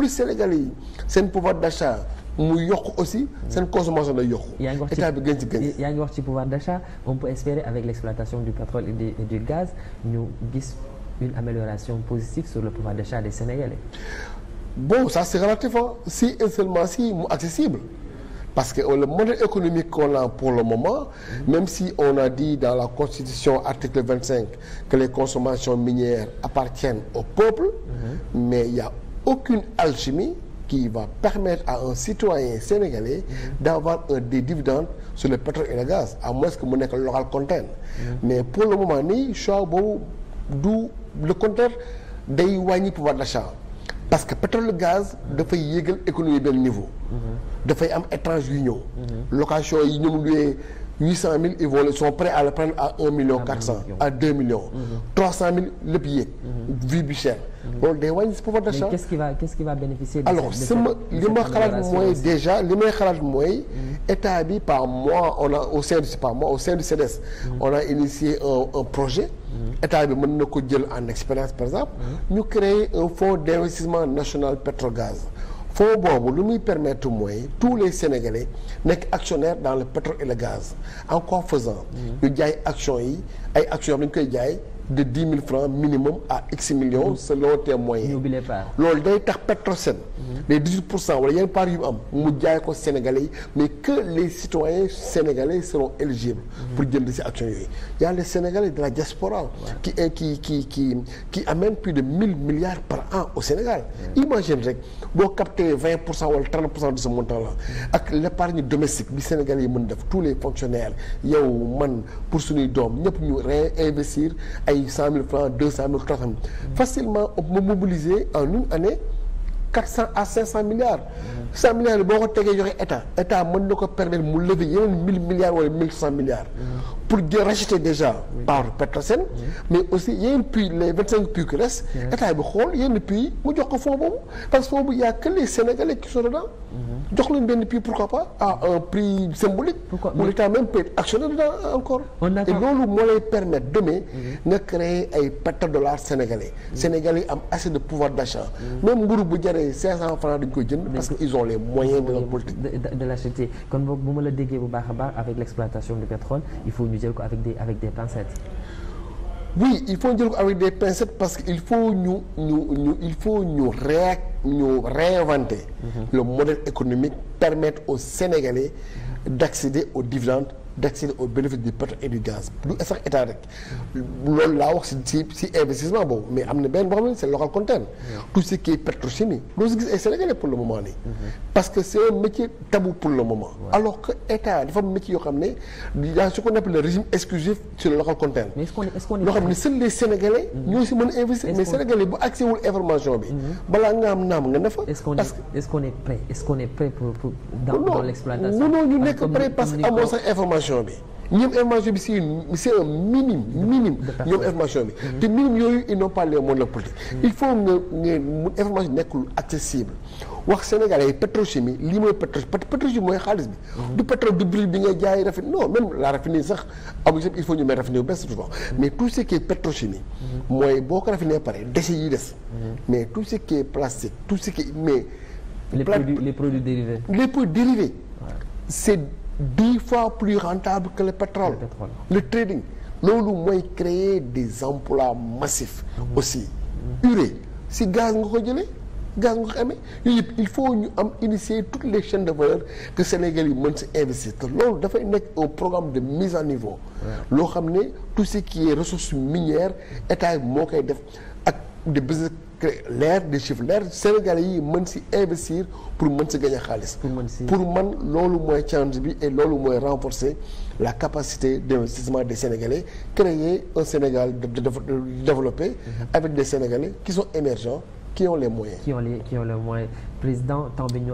plus sénégalais yi seen pouvoir d'achat mu yokk aussi seen consommation day yokk état bi gën ci gën yaa ngi wax ci pouvoir d'achat on peut espérer avec l'exploitation du pétrole et du gaz ñu gis une amélioration positive sur le pouvoir d'achat des sénégalais bon ça c'est relatif si et seulement si mu accessible parce que euh, le modèle économique qu'on a pour le moment même si on a dit dans la constitution article 25 que les consommations minières appartiennent au peuple mm-hmm. mais y a aucune alchimie qui va permettre à un citoyen sénégalais mmh. d'avoir un des dividendes sur le pétrole et le gaz à moins que mu nekk local content mmh. mais pour le moment nii choix boobu du le contraire day wàññi pouvoir d'achat parce que pétrole gaz dafay yéegal économie benn niveau dafay am étrange yu ñëw location yi ñoom luyee huit cent mille ils vont à le prendre à million cent à deux millions trois cent mille lépp yéeg vie bi cher Mmh. loolu day wàññi si pouvoir d'achat. mais qu'est-ce qui va qu'est-ce qui va bénéficier. de alors li ma xalaat mooy déjà li may xalaat mooy. Mmh. état bi par mois on a au sein du par mois au sein du CDS. Mmh. on a initié un projet. état bi mën na ko jël en expérience par exemple. ñu créer un fonds d'investissement national pétrogaz. foo boobu lu muy permettre mooy tous les sénégalais nekk actionnaires dans le pétrole et le gaz en quoi faisant. ñu jaay actions yi ay actions yoo xam koy jaay. de dix mille francs minimum à x millions mm-hmm. selon tes moyens loolu day tax Petrosen mm-hmm. les dix huit part yu am mu jaay ko Sénégalais yi mais que les citoyens sénégalais seront éligibles mm-hmm. pour jënd ci action yooyu y a de la diaspora qui ki euh, qui qui qui plus de mille milliards par an au Sénégal imagine rek boo capté vingt pour sa wala trente pour cent de ce montant là ak l'épargne domestique bi Sénégalais yi mën def tous les fonctionnaires yow man pour suñuy doom ñëpp ñu réinvestir ay ay cent mille francs deux cent mille trois cent mille facilement on peut en une année quatre cent à cinq cent milliards cent milliards yi boo ko tegee joxe état état man na ko permettre mu lever yeneen mille milliards wala mille cent milliards pour de racheter déjà par Petrosen mais aussi yenn puits les vingt cinq puits qui restent état bi xool yenn puits mu jox ko fonds boobu parce que boobu y a que les Sénégalais qui sont dedans mhm. jox leen benn puits pourquoi pas à un prix symbolique où l'état même peut être actionnaire dedans encore et loolu moo lay permettre demain nga créer ay pétrodollars sénégalais sénégalais am assez de pouvoir d'achat même mburu bu jaree cinq cent francs dañ koy jënd parce que ils ont les moyens baax a baax avec jël ko avec des avec des pincettes. oui il faut jël avec des pincettes parce que il faut ñu ñu faut ñu ré ñu réinventer. Mhm. le modèle économique permettre aux Sénégalais d'accéder aux dividendes. d'accéder au bénéfice du pétrole et du gaz du sax état rek loolu laa wax si si investissement boobu mais am na benn boo xam ne c'est local content tout ce qui est pétrochimie doo gis ay sénégalais pour le moment nii mm-hmm. parce que c'est un métier pour le moment alors que état dafa am yoo xam ne yaa su ko nepp le régime exclusif sur local content loo xam ne seuls les mm-hmm. ñoo si mën a mais sénégalais bu accès information bi mm-hmm. balaa nga am naam nga ne fa parce que information bi ñoom information bi c'est c'est un minime minime ñoom information bi mm-hmm. te minime yooyu ils n'ont pas les moyens de mm-hmm. il faut nga nga mun information nekk lu accessible wax sénégalais yi pétrochimie lii mooy pétro pétrochimie mooy xaalis bi mm-hmm. du pétrole bi ngay jaay rafet non même la raffinerie sax amu il faut ñu may raffinerie bu bees souvent mais tout ce qui est mooy boo ko raffiné pare déchets yi des mais tout ce qui est plastique tout dix fois plus rentable que le pétrole le, pétrole. le trading loolu mooy créer des emplois massifs mmh. aussi urée si gaz nga ko jële gaz nga ko amee yooyu yëpp il faut ñu am initier toutes les chaînes de valeur que Sénégal yi mën si investir te loolu dafay nekk un programme de mise à niveau loo xam ne tout ce qui est ressources état moo koy def ak de business l'ère des chiffres l'ère sénégalais yi man si investir pour man si gagner xaalis pour man loolu mooy change bi et loolu mooy renforcer la capacité d'investissement des sénégalais créer un Sénégal développé mhm. avec des sénégalais qui sont émergents qui ont les moyens qui ont les qui ont président temps bi ñu